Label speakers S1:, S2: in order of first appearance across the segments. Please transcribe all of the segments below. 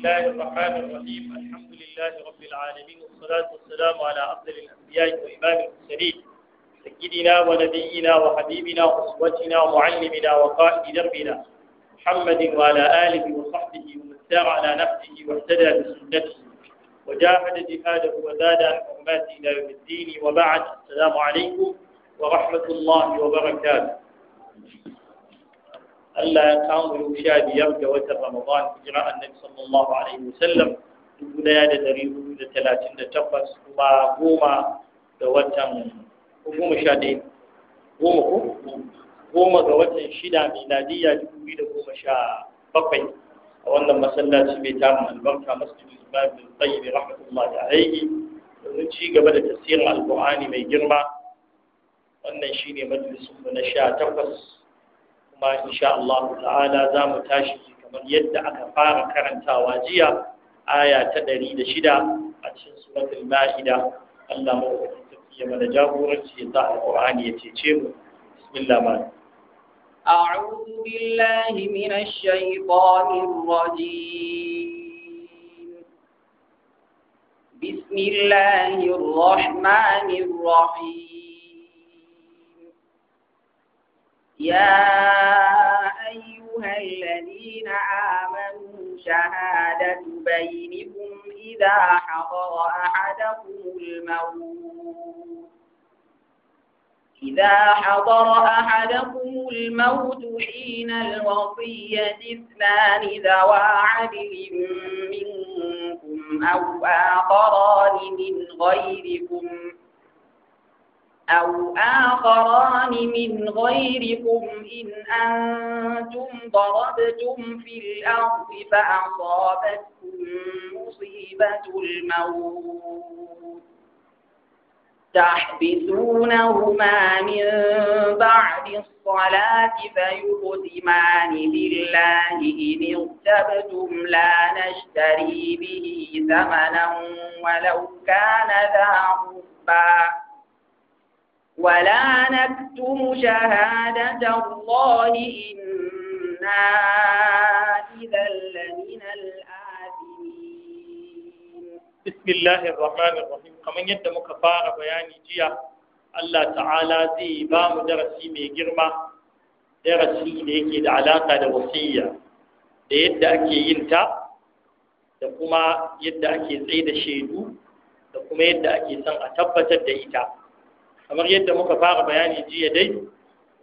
S1: الله الرحمن الرحيم الحمد لله رب العالمين والصلاة والسلام على أفضل الأنبياء وإمام المرسلين سيدنا ونبينا وحبيبنا وأسوتنا ومعلمنا وقائد دربنا محمد وعلى آله وصحبه ومن سار على نفسه واهتدى بسنته وجاهد جهاده وزاد حرمات إلى يوم الدين وبعد السلام عليكم ورحمة الله وبركاته Allah ya kawo yau sha biyar ga watan Ramadan hijira annabi sallallahu alaihi wasallam dubu ɗaya da dari hudu da talatin da takwas kuma goma da watan goma sha ɗaya goma ko goma ga watan shida miladiyya dubu biyu da goma sha bakwai a wannan masallaci mai tamu albarka masjidul imam bin tayyib rahmatullahi alaihi domin ci gaba da tafsirin alqur'ani mai girma wannan shine majalisun na sha takwas kuma insha Allah ta'ala za mu tashi kamar yadda aka fara karantawa jiya aya ta ɗari da shida a cikin suratul ma'ida Allah mu ya mana jagoranci ya sa alqur'ani ya cece mu bismillah ma
S2: أعوذ بالله من الشيطان الرجيم بسم الله الرحمن الرحيم
S1: يا أيها الذين
S2: آمنوا شهادة بينكم إذا حضر أحدكم الموت إذا حضر أحدكم الموت حين الوصية اثنان ذوى عدل منكم أو آخران من غيركم أو آخران من غيركم إن أنتم ضربتم في الأرض فأصابتكم مصيبة الموت تحبسونهما من بعد الصلاة فيقسمان بالله إن ارتبتم لا نشتري به ثمنا ولو كان ذا قربا ولا نكتم شهادة الله إنا إذا لمن الآثمين
S1: بسم الله الرحمن الرحيم كما يدى مكفار بياني جيا الله تعالى زي بام درسي مي جرمة درسي ليكي دا علاقة دا وصية da yadda ake yin ta da kuma yadda ake tsaye da shaidu da kuma yadda ake son a tabbatar da ita kamar yadda muka fara bayani jiya dai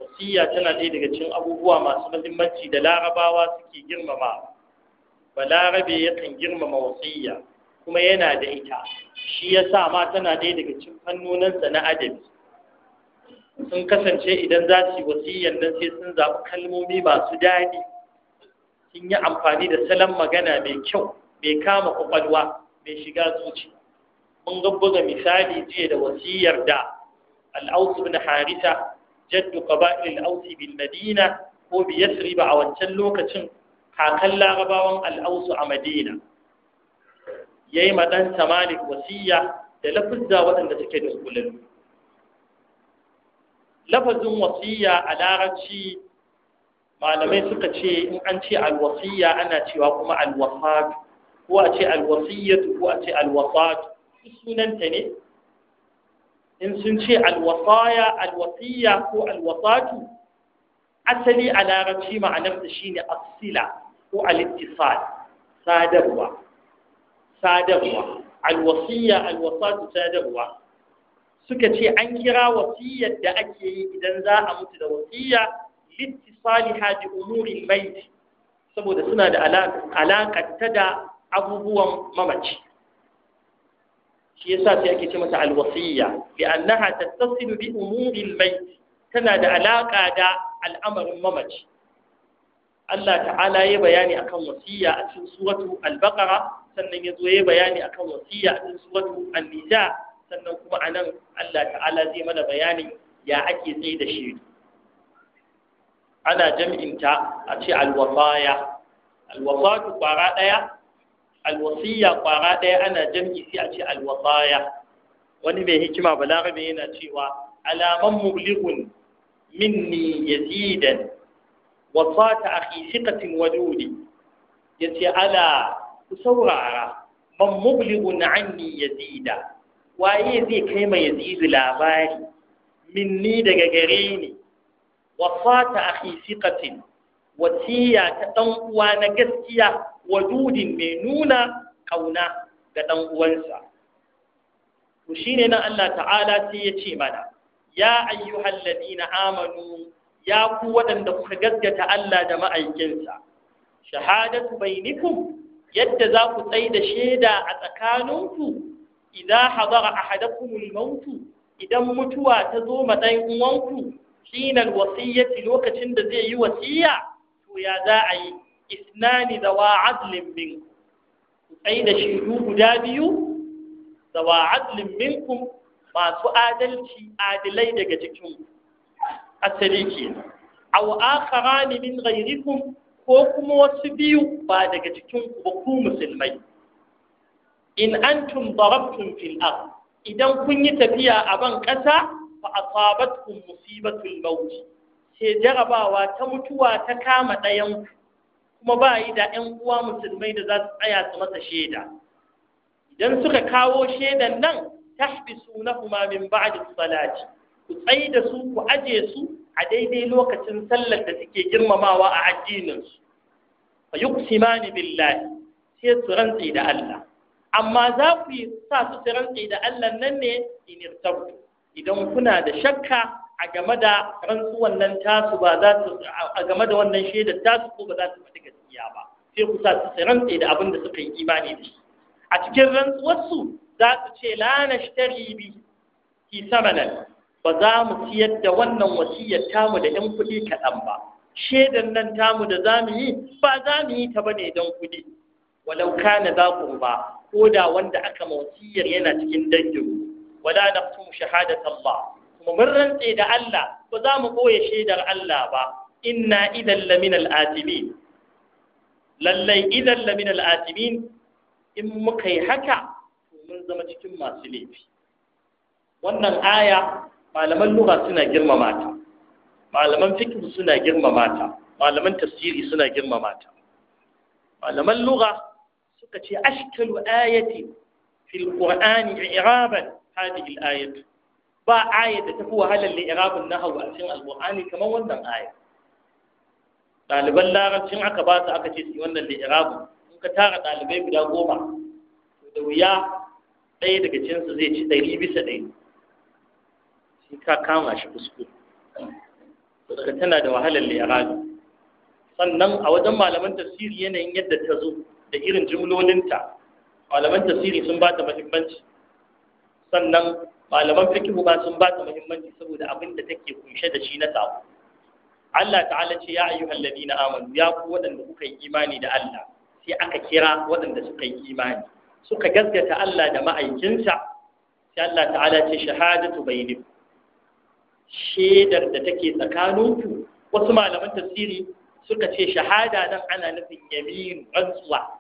S1: wasiya tana ɗaya daga cikin abubuwa masu muhimmanci da larabawa suke girmama balarabe yakan girmama wasiya kuma yana da ita shi ya sa ma tana ɗaya daga cikin fannoninsa na adabi sun kasance idan za su yi wasiyar nan sai sun zaɓi kalmomi masu daɗi sun yi amfani da salon magana mai kyau mai kama kwakwalwa mai shiga zuci mun ga buga misali jiya da wasiyar da al Bina ibn harisa jaddu qaba'il al-aus bil ko bi yasriba a wancan lokacin kakan larabawan al a madina yayi madan malik wasiyya da lafuzza waɗanda suke da kullalu lafazin wasiya a larabci malamai suka ce in an ce alwasiya ana cewa kuma alwafatu ko a ce alwasiyatu ko a ce alwafatu sunanta ne in sun ce alwasaya alwasiya ko alwasatu asali a larabci ma'anarta shine asila ko al-ittisal sadarwa sadarwa alwasiya alwasatu sadarwa suka ce an kira wasiyar da ake yi idan za a mutu da wasiya littisali haji umurin maiti saboda suna da alaƙa ta da abubuwan mamaci shi yasa sai ake ce mata alwasiyya annaha tattasilu bi umuri almayt tana da alaka da al'amarin mamaci Allah ta'ala ya bayani akan wasiya a cikin suratu al-baqara sannan ya zo ya bayani akan wasiya a cikin suratu an-nisa sannan kuma anan Allah ta'ala zai mana bayani ya ake tsaye da shi ana jam'inta a ce alwafaya alwafatu kwara daya alwasiya kwara ɗaya ana jam'i sai a ce alwasaya wani mai hikima balarabe yana cewa alaman mublighun minni yazidan wasata akhi thiqatin wadudi ce ala ku saurara man mublighun anni yazida waye zai kai ma yazidu labari minni daga gare ni wasata akhi thiqatin wasiya ta ɗan uwa na gaskiya wadudin mai nuna ƙauna ga ɗan uwansa to shine Allah ta'ala sai ya ce mana ya ayyuhal na amanu ya ku waɗanda kuka gaskata Allah da ma'aikinsa shahadatu bainikum yadda za ku tsai da shaida a tsakaninku idan hadara ahadakumul mautu idan mutuwa ta zo ma ɗan uwanku shine wasiyyati lokacin da zai yi wasiya ku ya za a yi isnani da wa adlin min ku tsaye da shaidu guda biyu da wa adlin minkum masu adalci adilai daga cikin asali ke aw akharani min ghairikum ko kuma wasu biyu ba daga cikin ku musulmai in antum darabtum fil ard idan kun yi tafiya a ban kasa fa asabatkum musibatul maut ke jarabawa ta mutuwa ta kama ɗayan kuma ba yi da 'yan uwa musulmai da za su tsaya su masa shaida idan suka kawo shaidan nan tahbisu nahuma min su salaci, ku tsayi da su ku aje su a daidai lokacin sallar da suke girmamawa a addininsu. Ba yi ku simani billahi sai su rantse da Allah amma za ku yi sa su rantse da Allah nan ne in idan kuna da shakka a game da rantsuwan nan tasu ba za su a game da wannan shaidar tasu ko ba za su faɗi gaskiya ba sai ku sa su rantse da abin da suka yi imani da shi a cikin rantsuwarsu za su ce la nashtari bi fi samanan ba za mu siyar da wannan wasiyar tamu da ɗan kuɗi kaɗan ba shaidan nan tamu da za mu yi ba za mu yi ta bane don kuɗi walau kana za ku ba ko da wanda aka ma wasiyar yana cikin dangin wala naqtum shahadat Allah mu mun rantse da Allah ba za mu ɓoye shaidar Allah ba inna idan lamin al'atimin lallai idan lamin al'atimin in muka yi haka mun zama cikin masu laifi wannan aya malaman lura suna girmama ta malaman fikir suna girmama ta malaman tafsiri suna girmama ta malaman lura suka ce ashkalu ayati fil qur'ani i'raban hadhihi al-ayatu ba ayat da tafi wahalar li'irabin nahawu a cikin alqur'ani kamar wannan ayat Daliban larabcin aka ba su aka ce su wannan li'irabin in ka tara dalibai guda goma da wuya ɗaya daga cinsu zai ci ɗari bisa ɗari shi ka kama shi kuskure saboda tana da wahalar li'irabi sannan a wajen malaman tafsiri yanayin yadda ta zo da irin jumlolinta malaman tafsiri sun ba ta mahimmanci sannan malaman fikihu ba sun ba ta muhimmanci saboda abin da take kunshe da shi na sako Allah ta'ala ce ya ayyuhal ladina amanu ya ku waɗanda kuka yi imani da Allah sai aka kira waɗanda suka yi imani suka gaskata Allah da ma'aikinsa sai Allah ta'ala ce shahadatu bainakum shedar da take tsakaninku wasu malaman tafsiri suka ce shahada nan ana nufin yamin rantsuwa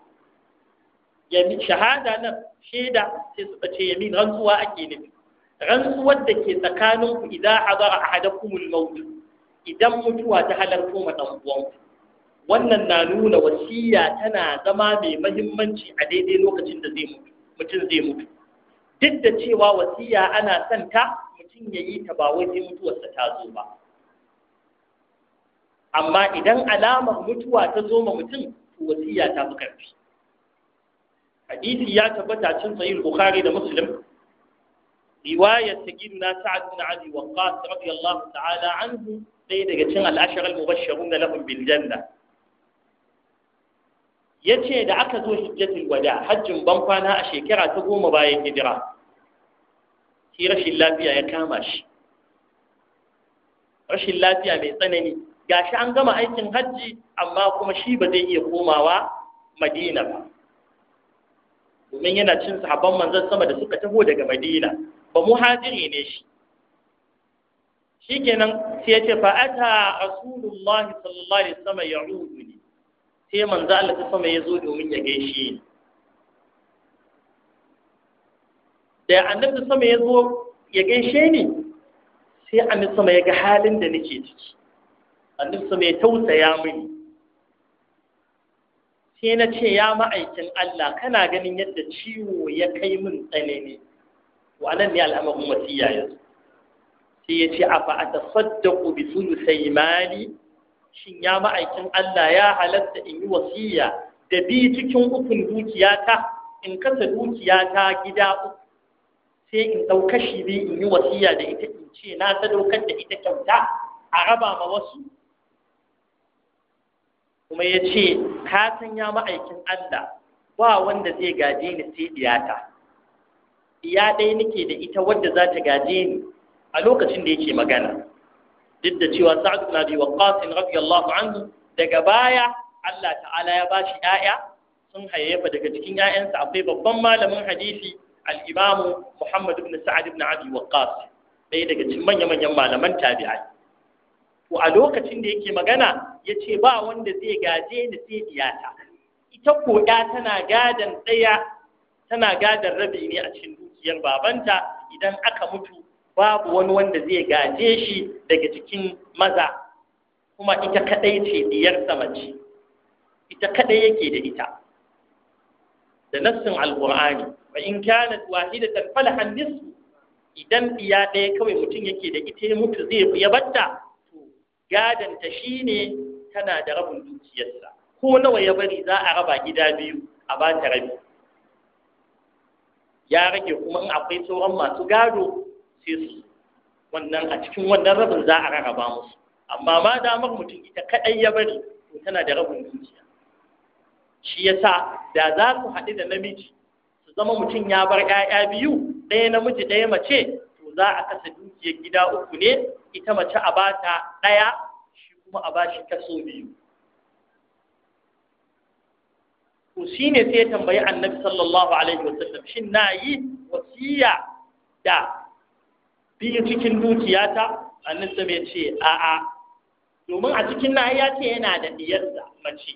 S1: shahada nan shaida sai suka ce yamin rantsuwa ake nufi rantsuwar da ke tsakaninku idan hadara kumul mautu idan mutuwa ta halarto ma dan ku, wannan na nuna wasiya tana zama mai mahimmanci a daidai lokacin da zai mutum zai mutu duk da cewa wasiya ana son ta mutum ya yi ta ba wai sai mutuwarsa ta zo ba amma idan alamar mutuwa ta zo ma mutum wasiya ta fi karfi hadisi ya tabbata cin sayin bukhari da muslim riwayar sayyidina sa'ad bin abi waqqas radiyallahu ta'ala anhu ɗaya daga cikin al'ashar al-mubashshirun lahum bil janna yace da aka zo hijjatul wada hajjin ban kwana a shekara ta goma bayan hijira shi rashin lafiya ya kama shi rashin lafiya mai tsanani gashi an gama aikin hajji amma kuma shi ba zai iya komawa madina ba domin yana cin sahabban manzon sama da suka taho daga madina ba muhajiri ne shi shikenan sai ya ce fa ata rasulullahi sallallahu alaihi wasallam ne, sai manzo Allah ta sama ya zo domin ya gaishe ni da annabi ta sama ya zo ya gaishe ni sai annabi sama ya ga halin da nake ciki annabi sama ya tausaya mini sai na ce ya ma'aikin Allah kana ganin yadda ciwo ya kai min tsanani wa nan ne al'amarin wasiya yanzu sai ya ce afa a ku bi thuluthi mali shin ya ma'aikin Allah ya halatta in yi wasiya da bi cikin ukun dukiyata in kasa dukiyata gida uku sai in ɗauka kashi bi in yi wasiya da ita in ce na sadaukar da ita kyauta a raba ma wasu kuma ya ce ka san ya ma'aikin Allah ba wanda zai gaje ni sai diyata iya dai nake da ita wadda za ta gaje ni a lokacin da yake magana duk da cewa sa'ad bin abi waqqas radiyallahu anhu daga baya Allah ta'ala ya bashi ƴaƴa sun hayayyafa daga cikin ƴaƴansa akwai babban malamin hadisi al-imamu Muhammad ibn Sa'ad ibn Abi Waqqas ɗaya daga cikin manya-manyan malaman tabi'ai to a lokacin da yake magana yace ba wanda zai gaje ni sai iyata ita ko tana gadan ɗaya tana gadan rabi ne a cikin zuciyar babanta idan aka mutu babu wani wanda zai gaje shi daga cikin maza kuma ita kadai ce diyar mace ita kadai yake da ita da nassin alqur'ani wa in kanat wahidatan falaha nisf idan diya ɗaya kawai mutum yake da ita mutu zai ya batta to gadan ta shine tana da rabin zuciyarsa. ko nawa ya bari za a raba gida biyu a ba ta rabi ya rage kuma in akwai sauran masu gado sai su wannan a cikin wannan rabin za a rarraba musu amma ma damar mutum ita kaɗai ya bari to tana da rabin dukiya shi yasa da za su haɗu da namiji su zama mutum ya bar 'ya'ya biyu ɗaya namiji ɗaya mace to za a kasa dukiyar gida uku ne ita mace a ba ta ɗaya shi kuma a ba shi kaso biyu to ne sai ya tambayi annabi sallallahu alaihi wa sallam. shin na yi wasiya da biyu cikin dukiyata annabi ya ce a'a domin a cikin na ya ce yana da diyarsa mace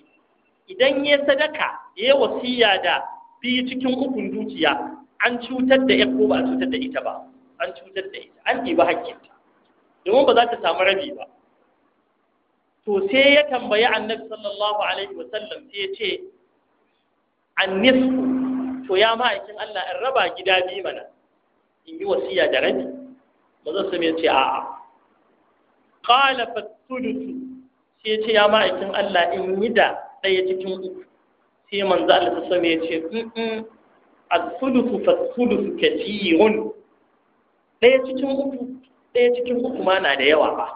S1: idan ya sadaka ya yi wasiya da biyu cikin ukun dukiya an cutar da ko ba a cutar da ita ba an cutar da ita an ɗiba hakkinta domin ba za ta samu rabi ba to sai ya tambayi annabi sallallahu alaihi wa sallam sai ya ce annisku to ya ma'aikin Allah in raba gida biyu mana in yi wasiya da rabi Ba zan sami ce a'a qala fatulutu sai ya ce ya ma'aikin Allah in yi da ɗaya cikin uku sai manzo Allah sa ya ce in al-thuluthu fa-thuluthu kathirun ɗaya cikin uku ɗaya cikin uku ma na da yawa ba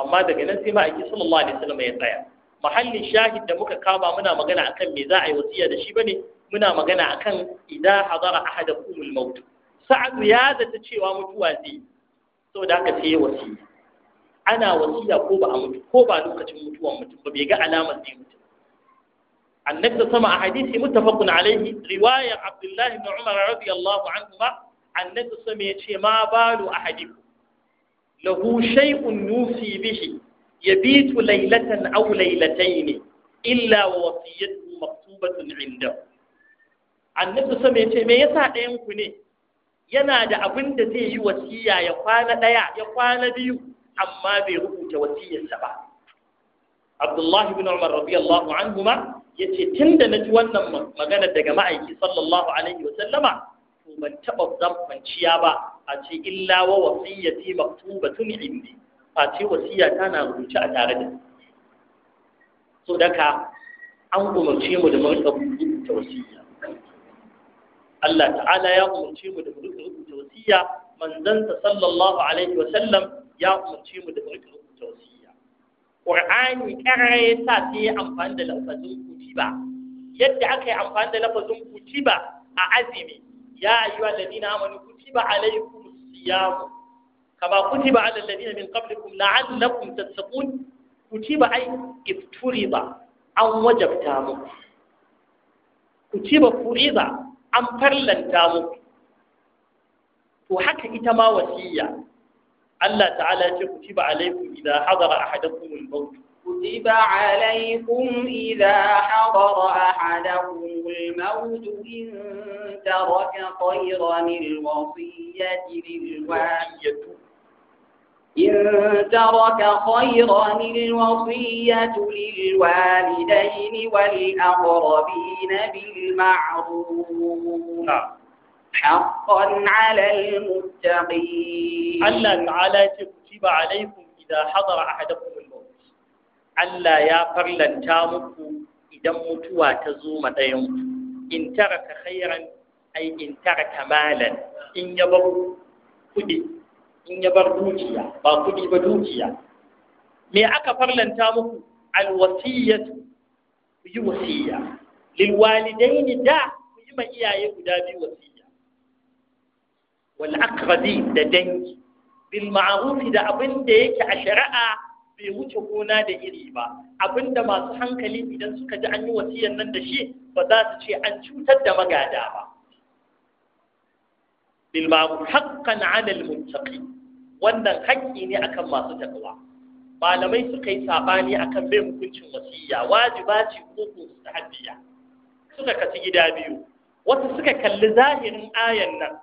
S1: amma daga nan sai ma'aiki sallallahu alaihi wasallam ya tsaya mahallin shahid da muka kama muna magana akan me za a yi wasiya da shi ba ne muna magana akan idza hadara ahadakum al-maut sa'ad ya zata cewa mutuwa zai saboda haka sai wasiya ana wasiya ko ba a mutu ko ba lokacin mutuwan mutum ba bai ga alamar zai mutu annabi da sama a hadisi muttafaqun alaihi riwayar abdullahi ibn umar radiyallahu anhuma annabi sama ya ce ma balu ahadikum lahu shay'un yusi bihi yabitu laylatan aw laylatayn illa wa wasiyatu maktubatun inda annabi sama yace me yasa ɗayan ku ne yana da abin da zai yi wasiya ya kwana ɗaya ya kwana biyu amma bai rubuta wasiyarsa ba Abdullahi ibn Umar radiyallahu anhuma yace tunda naji wannan maganar daga ma'aiki sallallahu alaihi wa sallama to ban taba zan kwanciya ba a ce illa wa wasiyati maktubatun indi face wasiya tana rubuce a tare da so daga an umarce mu da mu rika rubuta wasiya Allah ta'ala ya umarce mu da mu rika rubuta wasiya manzansa sallallahu alaihi wa sallam ya umarce mu da mu rika rubuta wasiya Qur'ani karare ya sa sai ya amfani da lafazin kutiba yadda aka yi amfani da lafazin kutiba a azumi ya yi ayyuhal ladina amanu ba alaikum siyamu. كما كتب على الذين من قبلكم لعلكم تتقون كتب أي افترض أن وجب تامك كتب فرض أن فرلنتا تامك وحكى إتما وسيا الله تعالى كتب عليكم إذا حضر أحدكم الموت كتب
S2: عليكم إذا حضر أحدكم الموت إن ترك خيرا الوصية للوارث
S1: إن ترك خيرا
S2: الوصية للوالدين والأقربين بالمعروف نعم حقا على المتقين ألا
S1: تعالى كتب عليكم إذا حضر أحدكم الموت ألا يا فرلا تامكم idan mutuwa ta zo ma ɗayan in taraka khairan ai in taraka malan in ya bar kuɗi in ya bar dukiya ba kuɗi ba dukiya me aka farlanta muku alwasiyatu ku yi wasiya lil walidaini da ku yi ma iyaye guda biyu wasiya wal aqrabi da dangi bil ma'ruf da abin da yake a shari'a bai wuce gona da iri ba abinda masu hankali idan suka ji an yi wasiyan nan da shi ba za su ce an cutar da magada ba bil ma'ruf haqqan 'ala al muttaqi wannan haƙƙi ne akan masu takwa malamai suka yi sabani akan bai hukuncin wasiya wajiba ce ko ko mustahabbiya suka kasu gida biyu wasu suka kalli zahirin ayan nan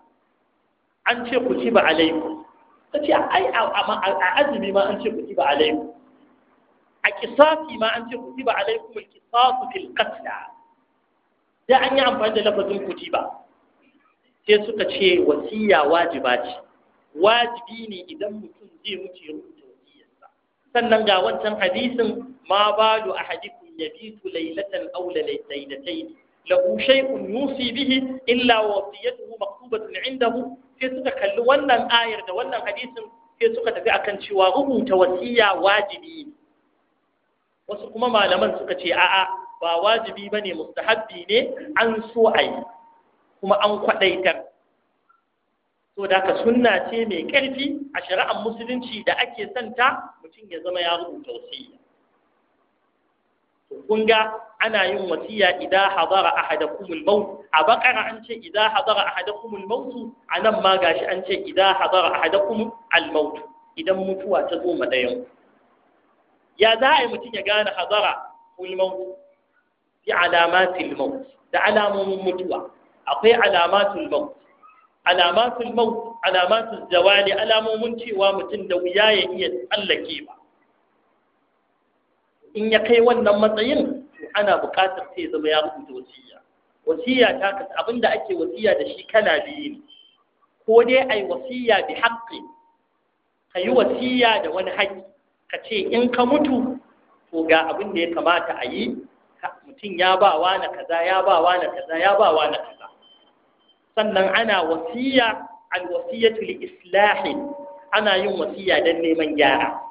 S1: an ce ku ci alaikum ta ce ai a azumi ma an ce ku ba alaiku. a kisasi ma an ce ku ba alaiku alaikum kisasu fil qatla da an yi amfani da lafazin ku ba sai suka ce wasiya wajiba ce wajibi ne idan mutum zai mutu ya rubuta wasiyarsa sannan ga wancan hadisin ma ba a balu ahadikum yabitu laylatan aw laylatayn lahu shay'un yusi bihi illa wasiyatuhu maktubatun indahu sai suka kalli wannan ayar da wannan hadisin sai suka tafi akan cewa rubuta wasiya wajibi wasu kuma malaman suka ce a'a ba wajibi bane mustahabbi ne an so a yi kuma an kwadaitar so da ka sunna ce mai karfi a shari'ar musulunci da ake santa mutum ya zama ya rubuta wasiya kun ga ana yin wasiya idan hadara ahadakum al-maut a bakara an ce idza hadara ahadakum al-maut anan ma gashi an ce idza hadara ahadakum al-maut idan mutuwa ta zo ma dayan ya za a yi mutum ya gane hadara al-maut bi alamatil maut da alamomin mutuwa akwai alamatul maut alamatul maut alamatul zawali alamomin cewa mutum da wuya ya iya tsallake ba in ya kai wannan matsayin ana buƙatar sai zama ya rubuta wasiya wasiya ta kasu abinda ake wasiya da shi kana biyu ne ko dai ai wasiya bi haƙƙi ka yi wasiya da wani haƙƙi ka ce in ka mutu to ga abin da ya kamata a yi mutum ya ba wa na kaza ya ba wa na kaza ya ba wa na kaza sannan ana wasiya wasiyatu li islahin ana yin wasiya don neman gyara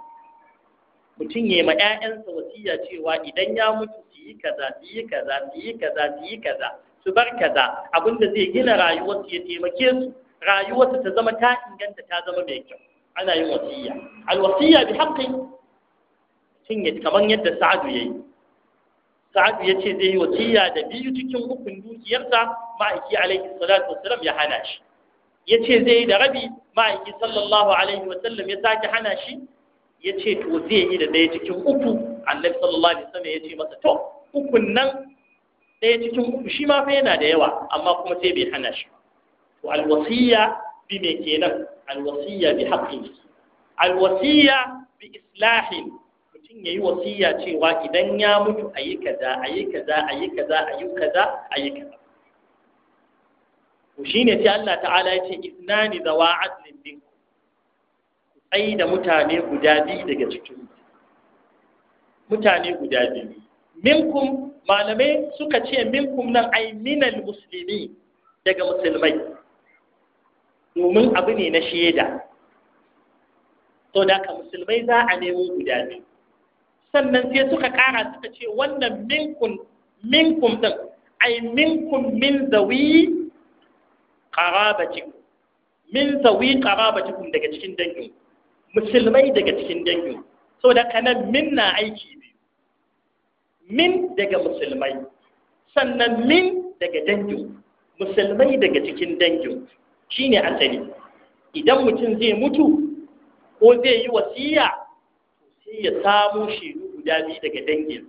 S1: mutum ya ma ƴaƴansa wasiya cewa idan ya mutu su yi kaza su yi kaza su yi kaza su yi kaza su bar kaza abinda zai gina rayuwarsu ya taimake su rayuwarsu ta zama ta inganta ta zama mai kyau ana yin wasiya alwasiya bi haƙƙi. mutum ya kamar yadda sa'adu ya yi. sa'adu ya ce zai yi wasiya da biyu cikin ukun dukiyarsa ma'aiki alaihi salatu wasalam ya hana shi ya ce zai yi da rabi ma'aiki sallallahu alaihi wasallam ya sake hana shi ya ce to zai yi da ɗaya cikin uku annabi sallallahu alaihi wasallam ya ce masa to ukun nan ɗaya cikin uku shi ma fa yana da yawa amma kuma sai bai hana shi to alwasiya bi me kenan alwasiya bi haqqi alwasiya bi islahin mutum yayi wasiya cewa idan ya mutu ayi kaza ayi kaza ayi kaza ayi kaza ayi kaza to shine sai Allah ta'ala ya ce da zawa ne ai da mutane guda biyu daga cikin mutane guda biyu minkum malamai suka ce minkum nan ai minal musulmi daga musulmai domin abu ne na shaida to da ka musulmai za a nemo guda biyu sannan sai suka kara suka ce wannan minkum minkum din ai minkum min zawi qarabatikum
S2: min zawi
S1: qarabatikum daga cikin danginku musulmai daga cikin dangin saboda kanan min na aiki ne, min daga musulmai sannan min daga dangin musulmai daga cikin dangin shine asali idan mutum zai mutu ko zai yi wasiya sai ya samu shaidu guda biyu daga dangin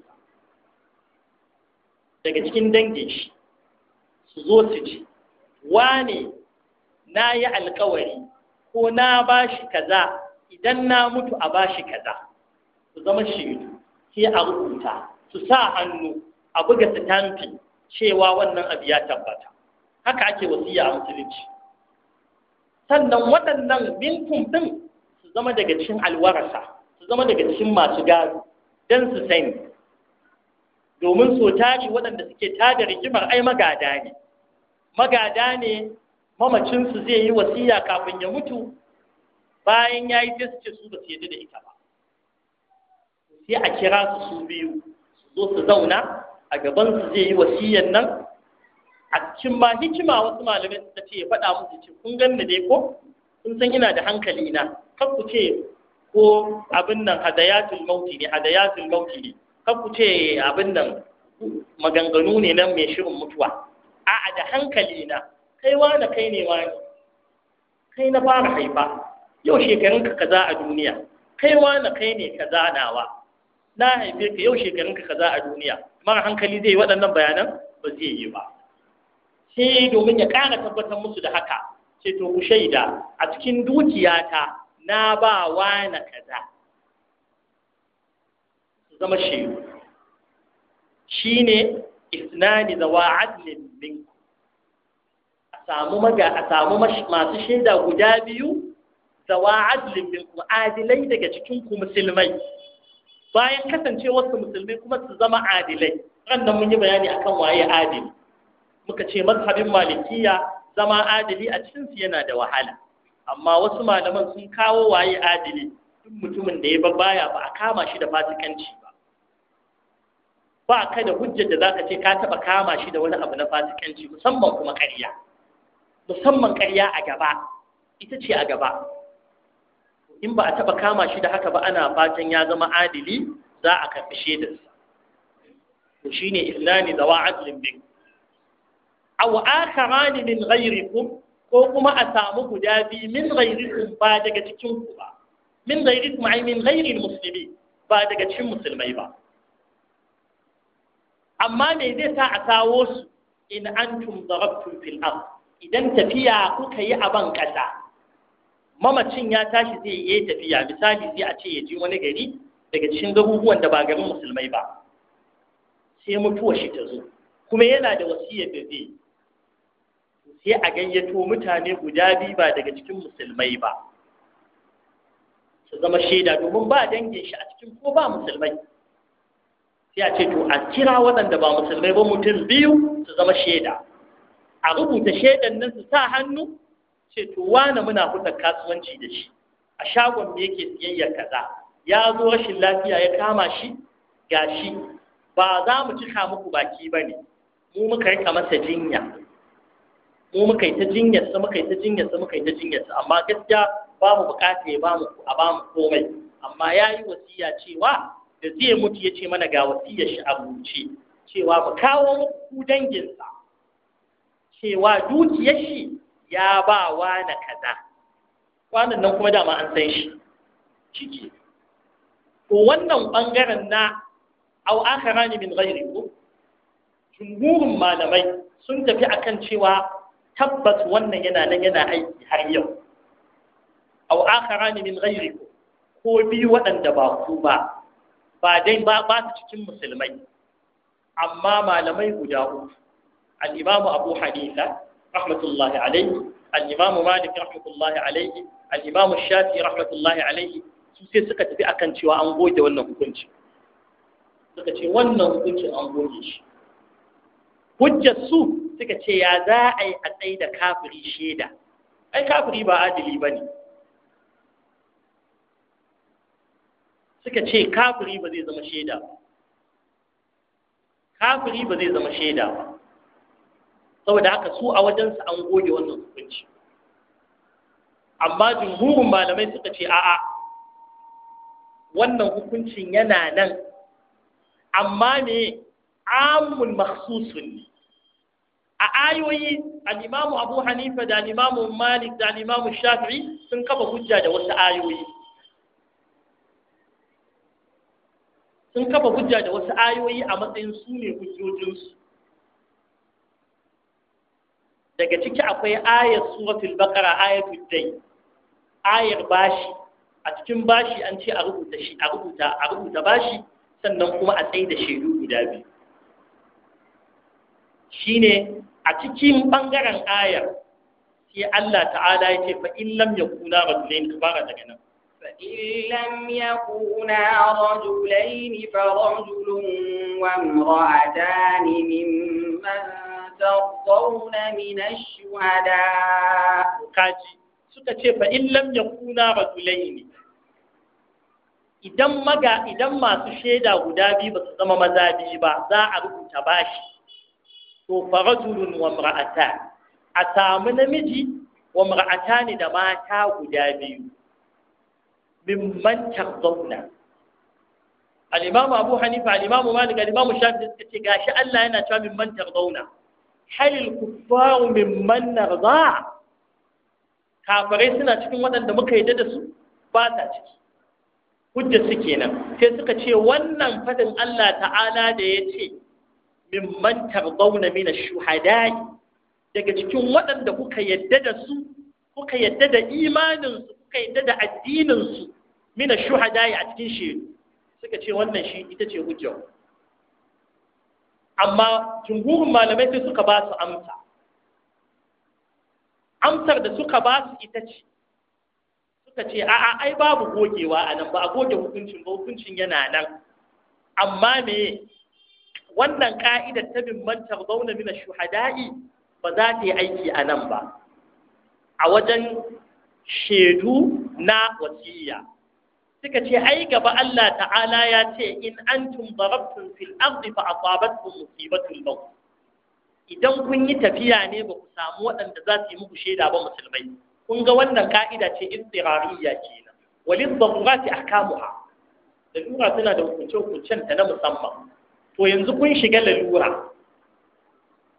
S1: daga cikin dangin shi su zo su ci wane na yi alkawari ko na ba shi kaza idan na mutu a bashi kaza su zama shaidu sai a rubuta su sa hannu a buga sitamfi cewa wannan abu ya tabbata haka ake wasiya a musulunci sannan waɗannan binkum ɗin su zama daga cikin alwarasa su zama daga cikin masu gado don su sani domin so tari waɗanda suke tada rigimar ai magada ne magada ne mamacinsu zai yi wasiya kafin ya mutu bayan ya yi ce su ba su yadda da ita ba sai a kira su su biyu su zo su zauna a gaban su zai yi wasiyan nan a cikin ma hikima wasu malamai suka ce ya faɗa musu ce kun ganni dai ko kun san ina da hankali na kar ku ce ko abin nan hadayatul mauti ne hadayatul mauti ne kar ku ce abin nan maganganu ne nan mai shirin mutuwa a'a da hankali na kai wani kai ne wani kai na fara haifa yau shekarunka kaza a duniya kai wani kai ne kaza nawa na haife ka yau shekarunka kaza a duniya mara hankali zai yi waɗannan bayanan ba zai yi ba sai domin ya ƙara tabbatar musu da haka sai to ku shaida a cikin dukiyata na ba wani kaza zama shehu shine isnani zawa adlin minku a samu maga a samu masu shaida guda biyu Dawa adlin adilai daga cikin ku musulmai bayan kasancewar su musulmai kuma su zama adilai rannan mun yi bayani akan waye adili muka ce mazhabin malikiya zama adili a cikin su yana da wahala amma wasu malaman sun kawo waye adili duk mutumin da ya ba baya ba a kama shi da fasikanci ba ba ka da hujjar da zaka ce ka taba kama shi da wani abu na fasikanci musamman kuma ƙarya musamman ƙarya a gaba ita ce a gaba in ba a taɓa kama shi da haka ba ana fatan ya zama adili za a karɓi shaidarsa to shine islani da wa'adlin bin aw akharani min ghayrikum ko kuma a samu guda biyu min ghayrikum ba daga cikin ku ba min ghayrikum ay min ghayril muslimin ba daga cikin musulmai ba amma me zai sa a kawo su in antum darabtum fil ard idan tafiya kuka yi a ban kasa mamacin ya tashi zai yi tafiya misali sai a ce ya je wani gari daga cikin garuruwan da ba garin musulmai ba sai mutuwa shi ta zo kuma yana da wasiyar da zai sai a gayyato mutane guda biyu ba daga cikin musulmai ba su zama shaida domin ba dangin shi a cikin ko ba musulmai sai a ce to a kira waɗanda ba musulmai ba mutum biyu su zama shaida a rubuta shaidan nan su sa hannu ce to wani muna hulɗar kasuwanci da shi a shagon da yake siyayya kaza ya zo rashin lafiya ya kama shi gashi ba za mu cika muku baki ba ne mu muka rika masa jinya mu muka yi ta jinyarsa muka yi ta jinyarsa muka yi ta jinyarsa amma gaskiya ba mu bukata ya ba mu a ba mu komai amma ya yi wasiya cewa da zai mutu ya ce mana ga wasiyar shi a rubuce cewa mu kawo muku danginsa cewa dukiyar shi ya ba wa na kaza kwanan nan kuma dama an san shi ciki to wannan bangaren na au akharani min ghairi ko jumhurin malamai sun tafi akan cewa tabbas wannan yana nan yana aiki har yau au akharani min ghairi ko bi waɗanda ba ku ba ba dai ba ba su cikin musulmai amma malamai guda uku al-imamu abu hanifa rahmatullahi alaihi al-imam malik rahmatullahi alaihi al-imam shafi su sai suka tafi akan cewa an goge ce wannan hukuncin an goge shi hujjar su suka ce ya za a yi a kafiri shaida ai kafiri ba ba ne suka ce kafiri ba zai zama shaida ba kafiri ba zai zama shaida ba saboda haka su a wajensu an goge wannan hukunci amma jumhurin malamai suka ce a'a wannan hukuncin yana nan amma ne amul makhsusun ne a ayoyi al'imamu abu hanifa da al'imamu malik da al'imamu shafi'i sun kafa hujja da wasu ayoyi sun kafa hujja da wasu ayoyi a matsayin su ne hujjojinsu daga ciki akwai ayar suratul baqara ayatul dai ayar bashi a cikin bashi an ce a rubuta shi a rubuta a rubuta bashi sannan kuma a tsaye da shaidu guda biyu shine a cikin bangaren ayar sai Allah ta'ala ya ce fa in lam yakuna rajulain kabara daga nan
S2: fa in lam yakuna rajulain fa rajulun
S1: wa imra'atan
S2: mimman ترضون من
S1: shuhada kaji suka ce fa in lam yakuna rajulaini idan maga idan masu shaida guda biyu ba su zama maza biyu ba za a rubuta bashi to fa rajulun wa mar'ata a samu namiji wa mar'ata ne da mata guda biyu mimman tarzauna al imam abu hanifa al imam malik al imam shafi'i suka ce gashi Allah yana cewa mimman tarzauna halil kuffaru mimman narza kafirai suna cikin waɗanda muka yi da su ba ta ciki hujja su kenan sai suka ce wannan fadin Allah ta'ala da ya ce mimman tarzauna min ash-shuhada'i daga cikin waɗanda kuka yadda da su kuka yadda da imanin su kuka yadda da addinin su min ash-shuhada'i a cikin shi suka ce wannan shi ita ce hujja amma jumhurin malamai sai suka ba su amsa amsar da suka ba su ita ce suka ce a'a ai babu gogewa a nan ba a goge hukuncin ba hukuncin yana nan amma me wannan ka'idar ta bin zauna tarzauna shuhada'i ba za ta yi aiki a nan ba a wajen shaidu na wasiya suka ce ai gaba Allah ta'ala ya ce in antum darabtum fil ardi fa asabatkum musibatul maut idan kun yi tafiya ne ba ku samu waɗanda za su yi muku shaida ba musulmai kun ga wannan ka'ida ce istirariya kenan walid darurati ahkamuha lalura tana da hukunce-hukuncen ta na musamman to yanzu kun shiga lalura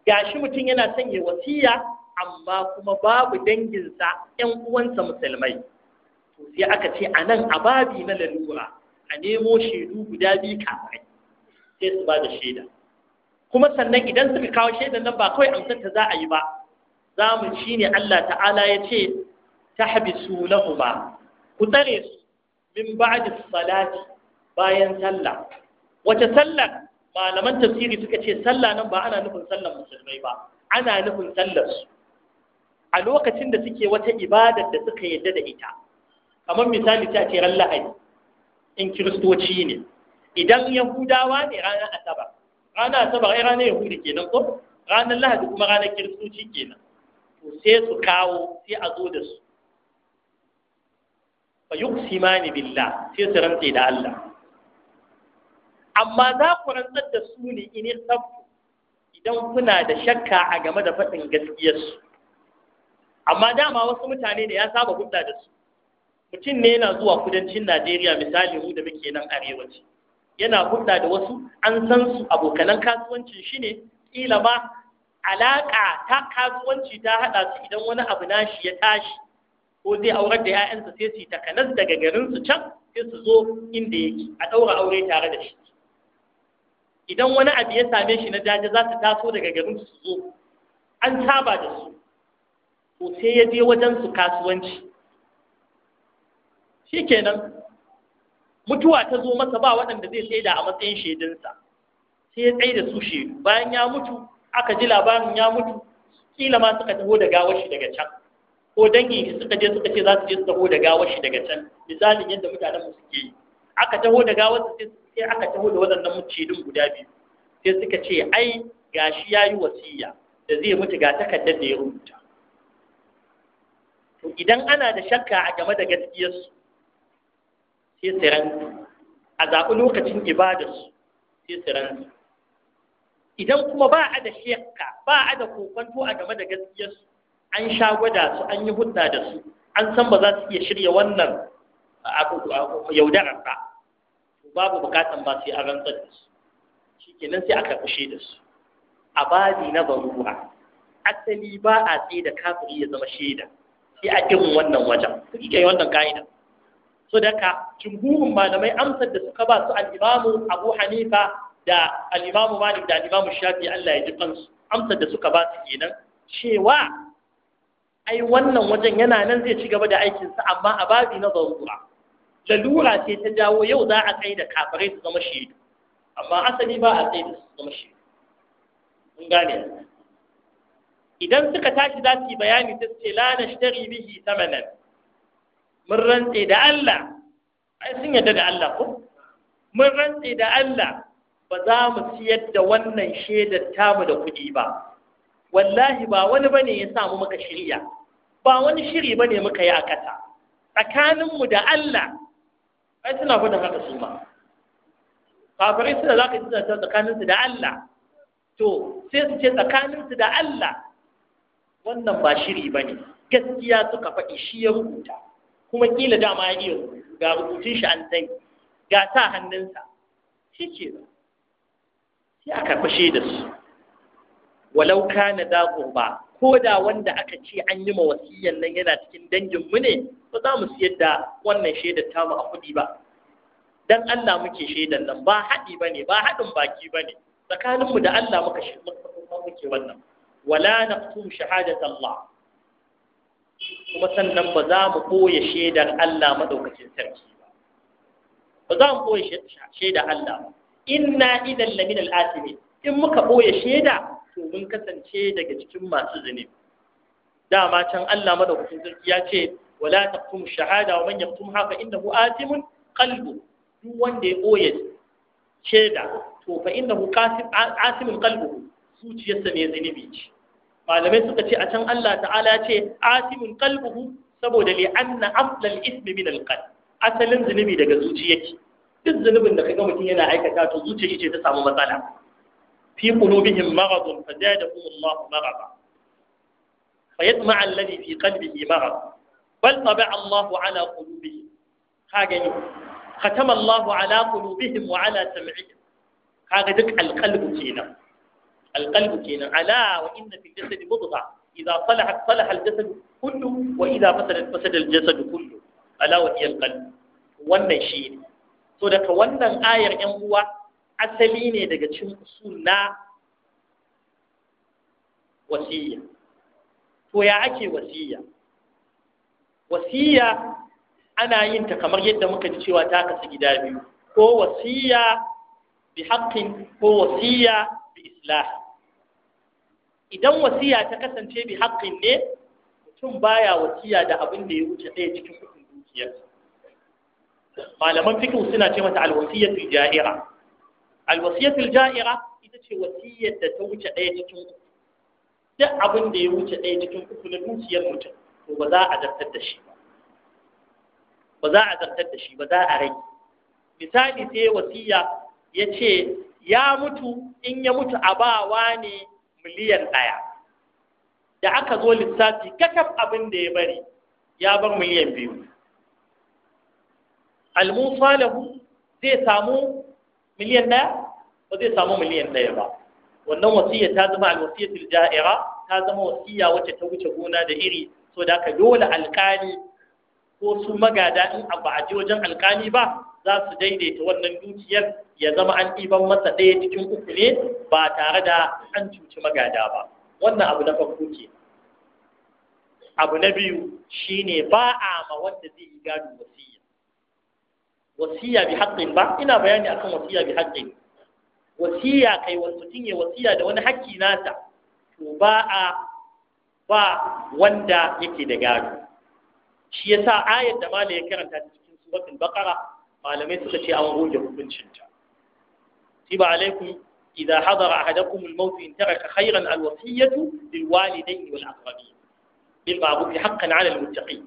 S1: gashi mutum yana sanya wasiya amma kuma babu danginsa ‘yan uwansa musulmai to sai aka ce a nan a babi na lalura a nemo shaidu guda biyu kafai sai su ba da shaida kuma sannan idan suka kawo shaidan nan ba kawai amsar ta za a yi ba za mu ci ne Allah ta'ala ya ce ta habisu lahuma ku tsare su min ba'di salati bayan sallah wace sallar malaman tafsiri suka ce sallah nan ba ana nufin sallar musulmai ba ana nufin sallar su a lokacin da suke wata ibadar da suka yadda da ita kamar misali ta ce ran lahadi in kiristoci ne idan yahudawa ne ranar asabar ranar asabar ai ranar yahudi kenan ko ranar lahadi kuma ranar kiristoci kenan to sai su kawo sai a zo da su fa yuqsimani billah sai su rantse da Allah amma za ku rantsar da su ne in irtabtu idan kuna da shakka a game da faɗin gaskiyarsu amma dama wasu mutane ne ya saba hudda da su mutum ne yana zuwa kudancin najeriya misali mu da muke nan arewaci yana hulɗa da wasu an san su abokanan kasuwancin shi ne ƙila ba, alaƙa ta kasuwanci ta haɗa su idan wani abu nashi ya tashi ko zai aurar da 'ya'yansa sai su yi takanas daga garinsu can sai su zo inda yake a ɗaura aure tare da shi idan wani abu ya same shi na jaje za su taso daga garin su zo an saba da su to sai ya je wajen su kasuwanci shikenan mutuwa ta zo masa ba waɗanda zai da a matsayin shaidunsa sai ya da su shaidu bayan ya mutu aka ji labarin ya mutu kila ma suka taho da gawar shi daga can ko dangin shi suka je suka ce za su je su taho da gawar shi daga can misalin yadda mutanen mu suke yi aka taho da gawar su sai aka taho da waɗannan mutanen guda biyu sai suka ce ai gashi ya yi wasiya da zai mutu ga takardar da ya rubuta to idan ana da shakka a game da gaskiyarsu sai a zaɓi lokacin ibadarsu sai su idan kuma ba a da shekka ba a da kokonto a game da gaskiyarsu an sha gwada su an yi hudda da su an san ba za su iya shirya wannan yaudarar ba babu bukatan ba sai a rantsar da su shi kenan sai aka kushe da su a babi na baruwa asali ba a tsaye da kafiri ya zama shaida sai a irin wannan wajen kuke wannan ka'ida so daga jumhurin malamai amsar da suka ba su al Abu Hanifa da al Malik da al Shafi Allah ya ji kansu amsar da suka ba su kenan cewa ai wannan wajen yana nan zai ci gaba da aikinsa amma a babi na zarura lalura ce ta jawo yau za a tsaye da kafirai su zama shaidu amma asali ba a tsaye da su zama shaidu mun gane idan suka tashi za su yi bayani sai su ce la nashtari bihi thamanan mun rantse da Allah ai sun yadda da Allah ko mun rantse da Allah ba za mu siyar da wannan shaidar tamu da kuɗi ba wallahi ba wani bane ya samu muka shirya ba wani shiri bane muka yi a ƙasa tsakaninmu da Allah ai suna faɗin haka su ma kafirai suna za ka ji suna tsakaninsu da Allah to sai su ce tsakaninsu da Allah wannan ba shiri bane gaskiya suka faɗi shi ya rubuta kuma kila dama ya iya ga rubutun shi an sai ga sa hannunsa shi ke sai a karɓi shi da su walau kana da ba, ko da wanda aka ce an yi ma wasiyyan nan yana cikin dangin mu ne ba za mu siyar da wannan shaidar tamu a kuɗi ba dan Allah muke shaidan nan ba haɗi bane ba haɗin baki bane tsakaninmu da Allah muka muke wannan wala naqtum shahadat Allah kuma sannan ba za mu koya shaidar Allah maɗaukacin sarki ba ba za mu koya shaidar Allah ba inna idan lamin al'asimi in muka koya shaida to mun kasance daga cikin masu zunubi dama can Allah maɗaukacin sarki ya ce wala taqtum shahada wa man haka fa innahu atimun qalbu duk wanda ya koya shaida to fa innahu qasim asimun qalbu zuciyarsa ne zunubi ce malamai suka ce a can Allah ta'ala ce asimin kalbuhu saboda li anna aslal ismi min alqalb asalin zunubi daga zuci yake duk zunubin da kaga mutum yana aikata to zuciya ce ta samu matsala fi qulubihim maradun fazadahum Allah marada fayatma alladhi fi qalbihi marad bal taba Allah ala qulubihim kaga ni khatama Allah ala qulubihim wa ala sam'ihim kaga duk alqalbu kenan alqalbu kenan ala wa inna fil jasadi mudgha idza salahat salaha al-jasad kullu wa idza fasadat fasada al-jasad kullu ala wa hiya wannan shi ne so daga wannan ayar 'yan uwa asali ne daga cikin suna wasiyya to ya ake wasiyya wasiyya ana yin ta kamar yadda muka ji cewa ta kasa gida biyu ko wasiyya bi haqqin ko wasiyya bi islah idan wasiya ta kasance bi haƙƙin ne mutum baya wasiya da abin da ya wuce ɗaya cikin kuɗin dukiyar malaman fikin suna ce mata alwasiyatul ja'ira alwasiyatul ja'ira ita ce wasiyar da ta wuce ɗaya cikin duk abin da ya wuce ɗaya cikin uku na dukiyar mutum to ba za a zartar da shi ba za a zartar da shi ba za a rai misali sai wasiya ya ce ya mutu in ya mutu a bawa ne miliyan ɗaya da aka zo lissafi kakaf abin da ya bari ya bar miliyan biyu almusalahu zai samu miliyan ɗaya ba zai samu miliyan ɗaya ba wannan wasiyya ta zama alwasiyatul ja'ira ta zama wasiyya wacce ta wuce gona da iri so da ka dole alƙali ko su magada in ba a je wajen alƙali ba za su daidaita wannan dukiyar ya zama an ɗiban masa ɗaya cikin uku ne ba tare da an cuci magada ba wannan abu na farko ke abu na biyu ne ba a ma wanda zai yi gado wasiya wasiya bi haƙƙin ba ina bayani akan wasiya bi haƙƙin wasiya kai wasu mutum ya wasiya da wani haƙƙi nasa to ba a ba wanda yake da gado shi yasa ayar da mala ya karanta cikin suratul baqara malamai suka ce an goge hukuncinta tiba alaikum idan hadara ahadakum al-maut in taraka khayran al-wasiyatu lil walidayni wal aqrabin bil fi haqqan 'ala al-muttaqin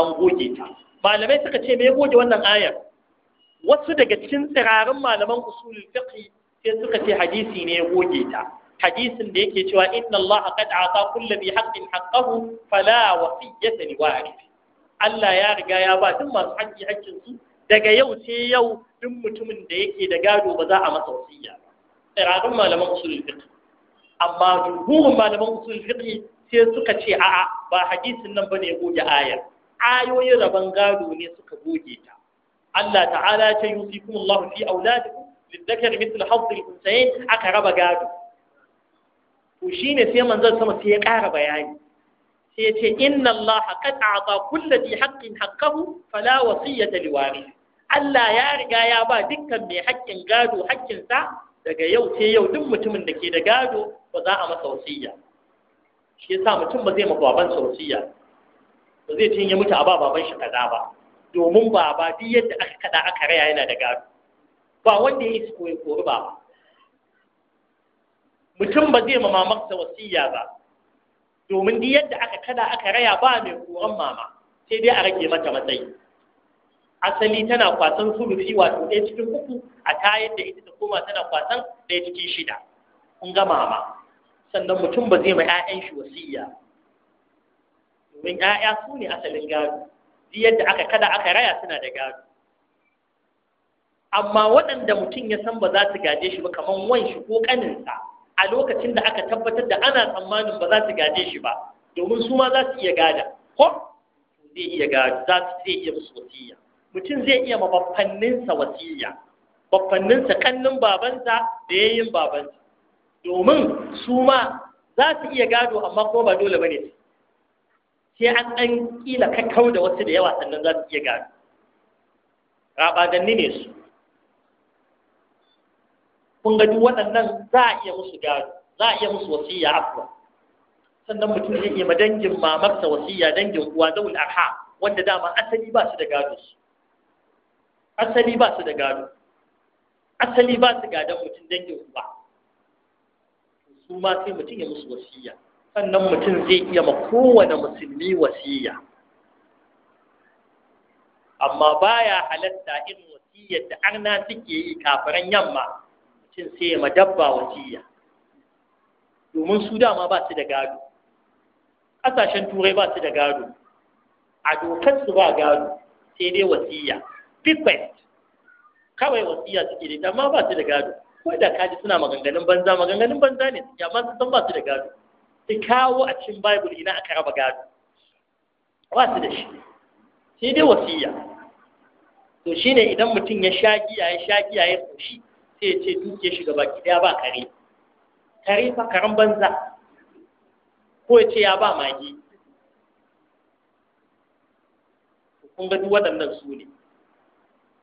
S1: an goge ta malamai suka ce me goge wannan ayar wasu daga cikin tsirarin malaman usulul fiqh sai suka ce hadisi ne ya goge ta hadisin da yake cewa inna allaha qad ata kullu bi haqqin haqqahu fala wasiyata li warith Allah ya riga ya ba duk masu haƙƙi haƙƙin su daga yau sai yau duk mutumin da yake da gado ba za a masa ba. tsirarin malaman usulul fiqh amma jumhurin malaman usulul fiqh sai suka ce a'a ba hadisin nan bane ya goge ayar ayoyin rabon gado ne suka goge ta Allah ta'ala ta Allah fi auladikum للذكر مثل حظ الأنثيين aka raba gado to ne sai manzon sama sai ya ƙara bayani sai ya ce inna Allah qad a'ta kulli bi haƙƙin haƙƙahu fala wasiyata liwarith Allah ya riga ya ba dukkan mai haƙƙin gado haƙƙinsa
S2: daga yau sai yau
S1: duk mutumin da ke da gado ba za a masa wasiyya. shi yasa mutum ba zai ma baban sa wasiya ba zai tinye mutu a ba baban shi kaza ba domin baba duk yadda aka kada aka raya yana da gado ba wanda ya yi su kori baba mutum ba zai ma mamarsa wasiya ba domin di yadda aka kada aka raya ba mai koran mama sai dai a rage mata matsayi asali tana kwasan sulufi wato ɗaya cikin uku a tayar da ita ta koma tana kwasan ɗaya cikin shida kun ga mama sannan mutum ba zai ma 'ya'yan shi wasiya domin 'ya'ya su ne asalin gado di yadda aka kada aka raya suna da gado amma waɗanda mutum ya san ba za su gaje shi ba kamar wanshi ko ƙaninsa a lokacin da aka tabbatar da ana tsammanin ba za su gaje shi ba domin su ma za su iya gada ko zai iya gado za su zai iya musu wasiya mutum zai iya ma baffanninsa wasiya baffanninsa kannin babansa da ya yin babansa domin su ma za su iya gado amma ko ba dole ba ne sai an ɗan ƙila kakkau da wasu da yawa sannan za su iya gado raɓaganni ne su kun ga duk waɗannan za a iya musu gado za a iya musu wasiya afwa sannan mutum zai iya dangin mamarsa wasiya dangin uwa zaun arha wanda dama asali ba su da gado asali ba su da gado asali ba su gadon mutum dangin uwa su ma sai mutum ya musu wasiya sannan mutum zai iya ma kowane musulmi wasiya amma baya halatta irin wasiyar da arna suke yi kafaran yamma mutum sai ya madabba wasiya domin su dama ba su da gado ƙasashen turai ba su da gado a dokar su ba gado sai dai wasiya bequest kawai wasiya suke da amma ba su da gado ko da kaji suna maganganun banza maganganun banza ne suke amma sun san ba su da gado sai kawo a cikin bible ina aka raba gado ba su da shi sai dai wasiya to shine idan mutum ya sha giya ya sha giya ya koshi sai ya ce duke shiga baki, ki daya ba kare kare fa karan banza ko ya ce ya ba magi kun ga waɗannan su ne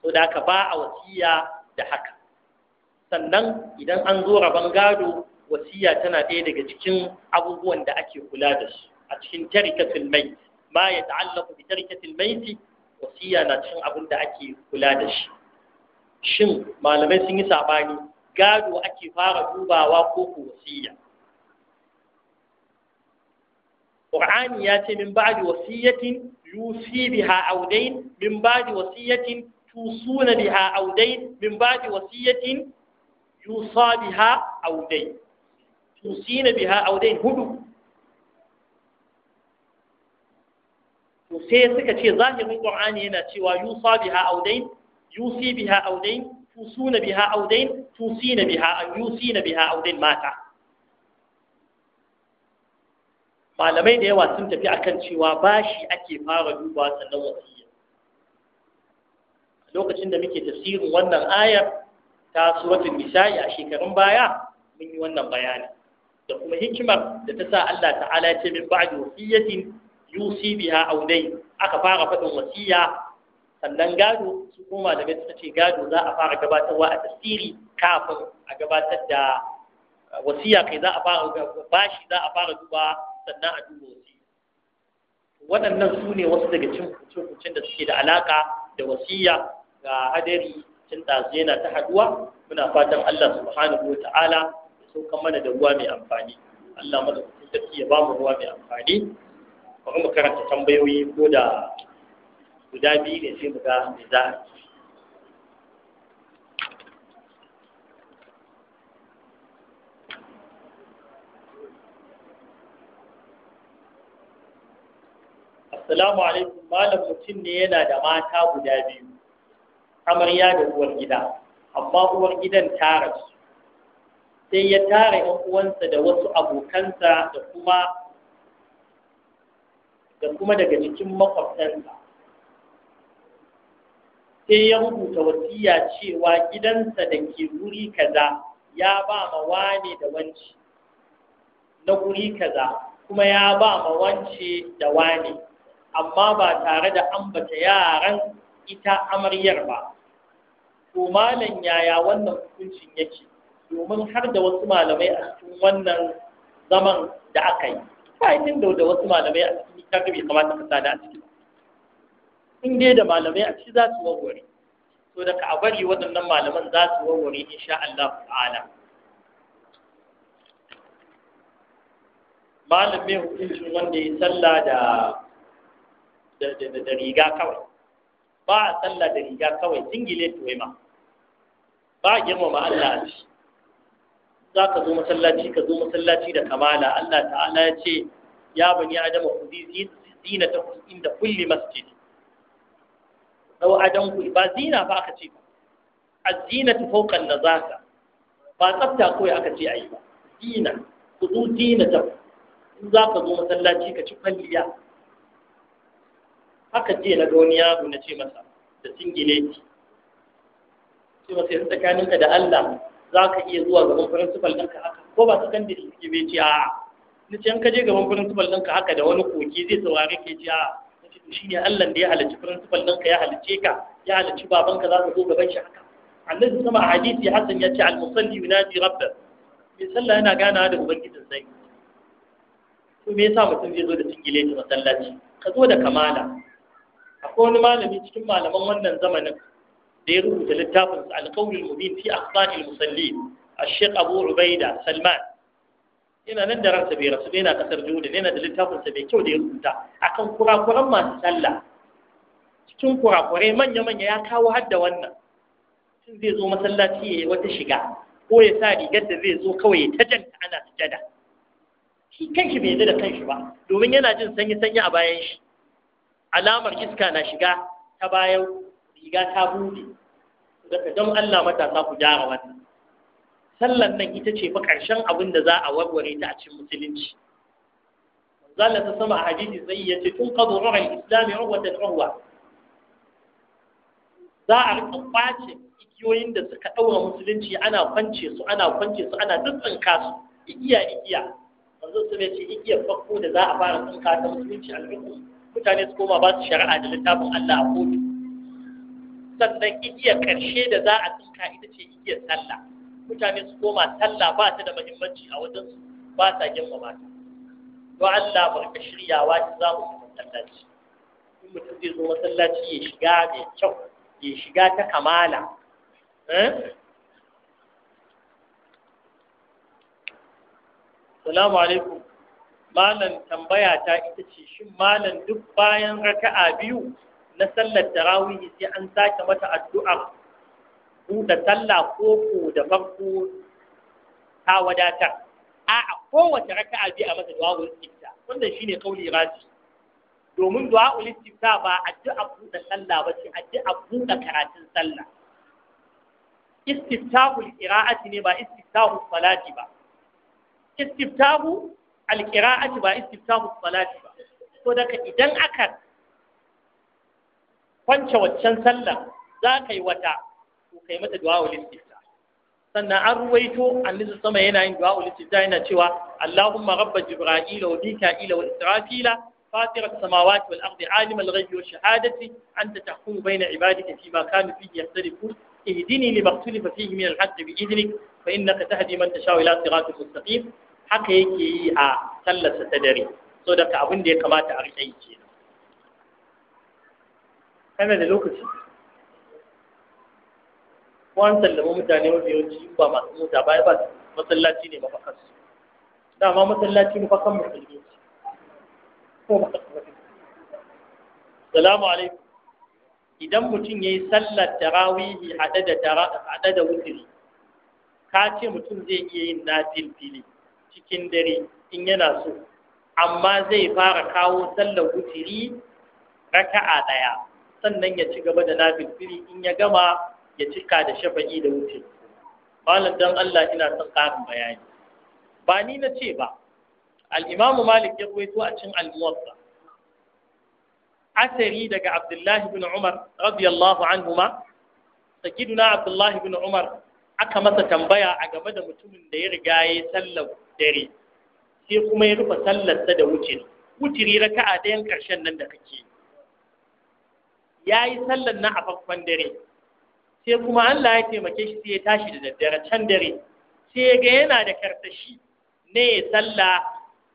S1: to da aka ba a wasiya da haka sannan idan an zo rabon gado wasiya tana ɗaya daga cikin abubuwan da ake kula da su a cikin tarikatul mai ma ya ta'allaku da tarikatul maiti wasiya na cikin abin da ake kula da shi shin malamai sun yi saɓani gado ake fara dubawa ko ko wasiya qur'ani ya ce min ba ba'di wasiyatin yusi biha audain min ba ba'di wasiyatin tusuna biha audain min ba ba'di wasiyatin yusa biha audain tusina biha audain hudu to sai suka ce zahirin ƙur'ani yana cewa yusa biha audain yusi biha audain tusuna biha audain tusina biha yusina biha audain mata malamai da yawa sun tafi akan cewa bashi ake fara duba sannan wasiyya lokacin da muke tafsirin wannan ayar ta suratul nisa'i a shekarun baya mun yi wannan bayani da kuma hikimar da ta sa Allah ta'ala ya ce min iyadin wasiyatin yusi biha audain aka fara faɗin wasiya sannan gado su kuma da suka ce gado za a fara gabatarwa a tasiri kafin a gabatar da uh, wasiya kai za a fara bashi za a fara duba sannan a duba wasiya waɗannan su ne wasu daga cin kucin da suke da alaka da wasiya ga hadari cin ɗazu yana ta haduwa muna fatan Allah subhanahu wa ta'ala ya sauka mana da ruwa mai amfani Allah madaukakin sarki ya bamu ruwa mai amfani bari mu karanta tambayoyi ko da guda biyu ne sai mu ga za alaikum malam mutum ne yana da mata guda biyu amarya da uwar gida amma uwar gidan ta rasu
S2: sai ya tara
S1: ‘yan uwansa da wasu abokansa da kuma daga jikin makwabtansa sai ya rubuta wasiya cewa gidansa da ke guri kaza ya ba ma wane da wance na wuri kaza kuma ya ba ma wance da wane amma ba tare da ambata yaran ita amaryar ba to malam yaya wannan hukuncin yake domin har da wasu malamai a cikin wannan zaman da aka yi ba da wasu malamai a cikin bai kamata ka sada a cikin in dai da malamai a ci za su warware to daga a bari waɗannan malaman za su warware in sha Allah ta'ala malamin hukuncin wanda ya salla da da riga kawai ba a salla da riga kawai jingile to ma ba a girmama Allah a za ka zo masallaci ka zo masallaci da kamala Allah ta'ala ya ce ya bani adama ku zinata inda kulli masjid dau adan ku ba zina ba aka ce ba az-zinatu da za ka. ba tsafta kawai aka ce a yi ba zina ku zo zina ta. in za ka zo masallaci ka ci kwalliya haka je na ga wani yaro na ce masa da singileti ce masa yanzu tsakaninka da Allah za ka iya zuwa gaban principal ɗinka haka ko ba secondary suke bai ce a'a ni ce an ka je gaban principal ɗinka haka da wani koki zai saurare ke ce a'a shine Allah da ya halarci principal ɗinka ya halicce ka ya halarci babanka za ka zo gaban shi haka annabi sama a hadisi hasan ya ce al-musalli yunadi rabba mai sallah yana ganawa da ubangijin sai to me yasa mutum zai zo da singile ta masallaci ka zo da kamala akwai wani malami cikin malaman wannan zamanin da ya rubuta littafin sa al-qawl al-mubin fi ahsan al-musallin الشيخ أبو عبيدة yana nan da ransa bai rasu yana kasar Jordan yana da littafinsa mai kyau da ya rubuta akan kurakuran masu sallah cikin kurakurai manya-manya ya kawo har da wannan mutum zai zo masallaci ya yi wata shiga ko ya sa rigar da zai zo kawai ya tajanta ana sujada shi kanshi bai yarda da kanshi ba domin yana jin sanyi-sanyi a bayan shi alamar iska na shiga ta bayan riga ta bude daga don Allah matasa ku gyara wannan sallan nan ita ce fa ƙarshen abin da za a warware ta a cikin musulunci zalla ta sama a hadisi sai ya ce tun qadu ru'al islam ta urwa za a rika kwace igiyoyin da suka ɗaura musulunci ana kwance su ana kwance su ana tsinka su igiya igiya yanzu su ne ce igiyar farko da za a fara tsinka ta musulunci al'umma mutane su koma ba su shari'a da littafin Allah a kotu sannan igiyar ƙarshe da za a tsinka ita ce igiyar sallah mutane su koma talla ba ta da mahimmanci a wajen su ba ta girmama ta don Allah mu shiryawa ki za mu fita masallaci in mutum zai zo masallaci ya shiga mai kyau ya shiga ta kamala eh? Salamu alaikum malam tambaya ta ita ce shin malam duk bayan raka'a biyu na sallar tarawih sai an sake mata addu'a buɗe sallah ko ko da farko ta wadatar a kowace raka'a bi a masa du'a'ul istifta wannan shine kauli raji domin du'a'ul istifta ba addu'a buɗe sallah ba ce addu'a buɗe karatun sallah istiftahul qira'ati ne ba istiftahul salati ba istiftahu alqira'ati ba istiftahu salati ba to daga idan aka kwance waccan sallah za ka yi wata to kai du'a wa lissita sannan an ruwaito annisu sama yanayin yin du'a wa lissita yana cewa Allahumma rabba jibra'ila wa mika'ila wa israfila samawati wal Alimal alim al ghaibi wa shahadati anta tahkumu baina ibadika fi ma kanu fihi yahtalifun ihdini lima ikhtalifa min al haqq bi idnik fa innaka tahdi man tasha haka yake yi a sallarsa ta dare so da ka ya kamata a riƙe yi kenan kana da lokaci ko an sallama mutane wanda yawanci ba masu mota ba ba masallaci ne mafakan su dama masallaci mafakan musulmi ko mafakan salamu alaikum idan mutum ya yi sallar tarawihi haɗe da wuturi ka ce mutum zai iya yin nafil fili cikin dare in yana so amma zai fara kawo sallar wuturi raka'a ɗaya sannan ya ci gaba da nafil fili in ya gama ya cika da shafa'i da wuce malam dan Allah ina son ƙarin bayani ba ni na ce ba al malik ya ruwaito a cikin al-muwatta asari daga abdullahi bin umar radiyallahu anhuma sakiduna abdullahi bin umar aka masa tambaya a game da mutumin da ya riga ya sallar dare sai kuma ya rufe sallarsa da wuce wutiri raka'a ɗayan ƙarshen nan da kake ya yi sallar na a farkon dare sai kuma Allah ya taimake shi sai ya tashi da daddare can dare sai ya ga yana da karsashi ne ya salla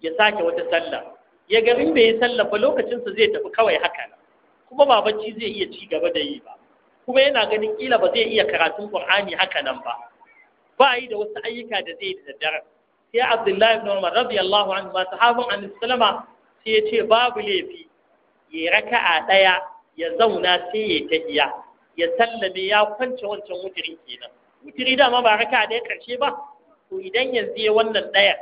S1: ya sake wata sallah ya ga in bai yi sallah ba lokacin sa zai tafi kawai haka kuma ba bacci zai iya ci gaba da yi ba kuma yana ganin kila ba zai iya karatun Qur'ani haka nan ba ba yi da wasu ayyuka da zai da daddare sai Abdullahi ibn Umar radiyallahu anhu ma sahabban annabi sallama sai ya ce babu laifi ya raka'a daya ya zauna sai ya tahiya ya sallame ya kwance wancan wutirin kenan wutiri dama ba raka ɗaya ƙarshe ba to idan ya ya wannan ɗaya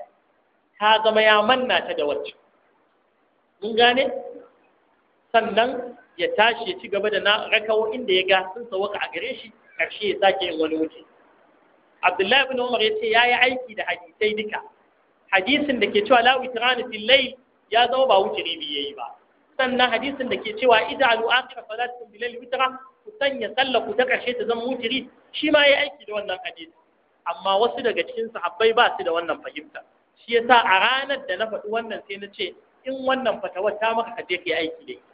S1: ta zama ya manna ta da wancan mun gane sannan ya tashi ya ci gaba da na rakawo inda ya ga sun sawaka a gare shi ƙarshe ya sake yin wani wuce abdullahi ibn umar ya ce ya yi aiki da hadisai duka hadisin da ke cewa la witrani fil layl ya zama ba wutiri bi yayi ba sannan hadisin da ke cewa idza al akhir salatu bil layl witra ku sanya sallah ku ta ƙarshe ta zama mutiri shi ma ya aiki da wannan hadisi amma wasu daga cikin sahabbai ba su da wannan fahimta shi yasa a ranar da na faɗi wannan sai na ce in wannan fatawa ta maka kaje kai aiki da ita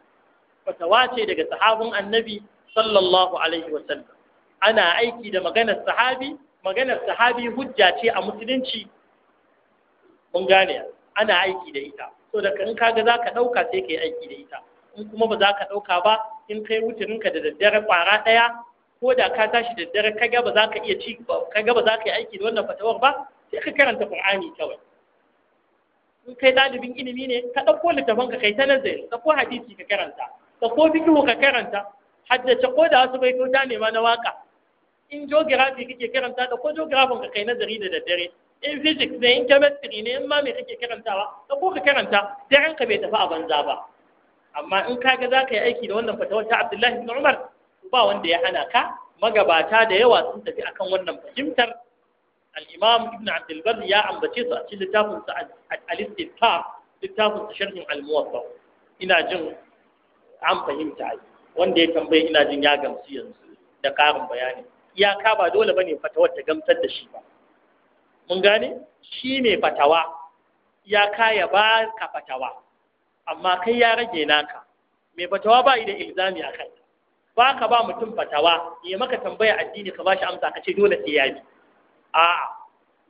S1: fatawa ce daga sahabin annabi sallallahu alaihi wa sallam ana aiki da maganar sahabi maganar sahabi hujja ce a musulunci mun gane ana aiki da ita so da in kaga zaka dauka sai kai aiki da ita in kuma ba zaka dauka ba in kai wutirinka da daddare kwara ɗaya ko da ka tashi daddare ka ga ba za ka iya ci ka ga ba za ka yi aiki da wannan fatawar ba sai ka karanta Qur'ani kawai in kai ɗalibin ilimi ne ka ɗauko littafin ka kai ta nazari ka ko hadisi ka karanta ka ko fikihu ka karanta haddace ko da wasu bai kyauta ne ma na waka in geography kake karanta da ko geography ka kai nazari da daddare in physics ne in chemistry ne in ma me kake karantawa da ko ka karanta daren ka bai tafi a banza ba amma in kaga za ka yi aiki da wannan fatawar ta abdullahi bin umar ba wanda ya hana ka magabata da yawa sun tafi akan wannan fahimtar al-imam ibn abdulbar ya ambace su a cikin littafin sa al littafin sharhin al ina jin an fahimta wanda ya tambaye ina jin ya gamsu yanzu da karin bayani iyaka ba dole bane fatawar ta gamsar da shi ba mun gane shi ne fatawa iyaka ya ba ka fatawa amma kai ya rage naka mai fatawa ba da ilzami a kai ba ka ba mutum fatawa ya maka tambaya addini ka ba shi amsa ka ce dole sai ya bi a'a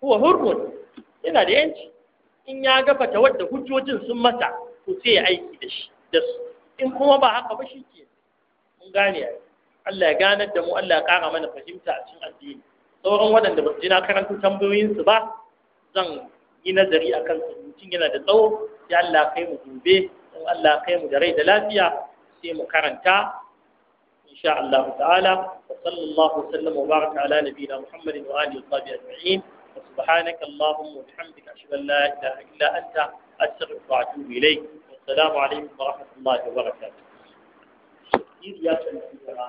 S1: kuwa hurgun, yana da yanci in ya ga fatawar da hujjojin sun masa ku sai ya aiki da shi da su in kuma ba haka ba shi ke mun gane Allah ya ganar da mu Allah ya kara mana fahimta a cikin addini sauran waɗanda ba su ji na karanta tambayoyinsu ba zan yi nazari akan kan mutum yana da tsawo sai Allah kai mu gobe in Allah kai mu da rai da lafiya sai mu karanta insha Allah ta'ala wa sallallahu wa baraka ala nabiyina Muhammadin wa alihi wa sahbihi ajma'in wa subhanaka allahumma wa bihamdika ashhadu an la ilaha illa anta astaghfiruka wa atubu ilayk assalamu alaikum wa rahmatullahi wa
S2: barakatuh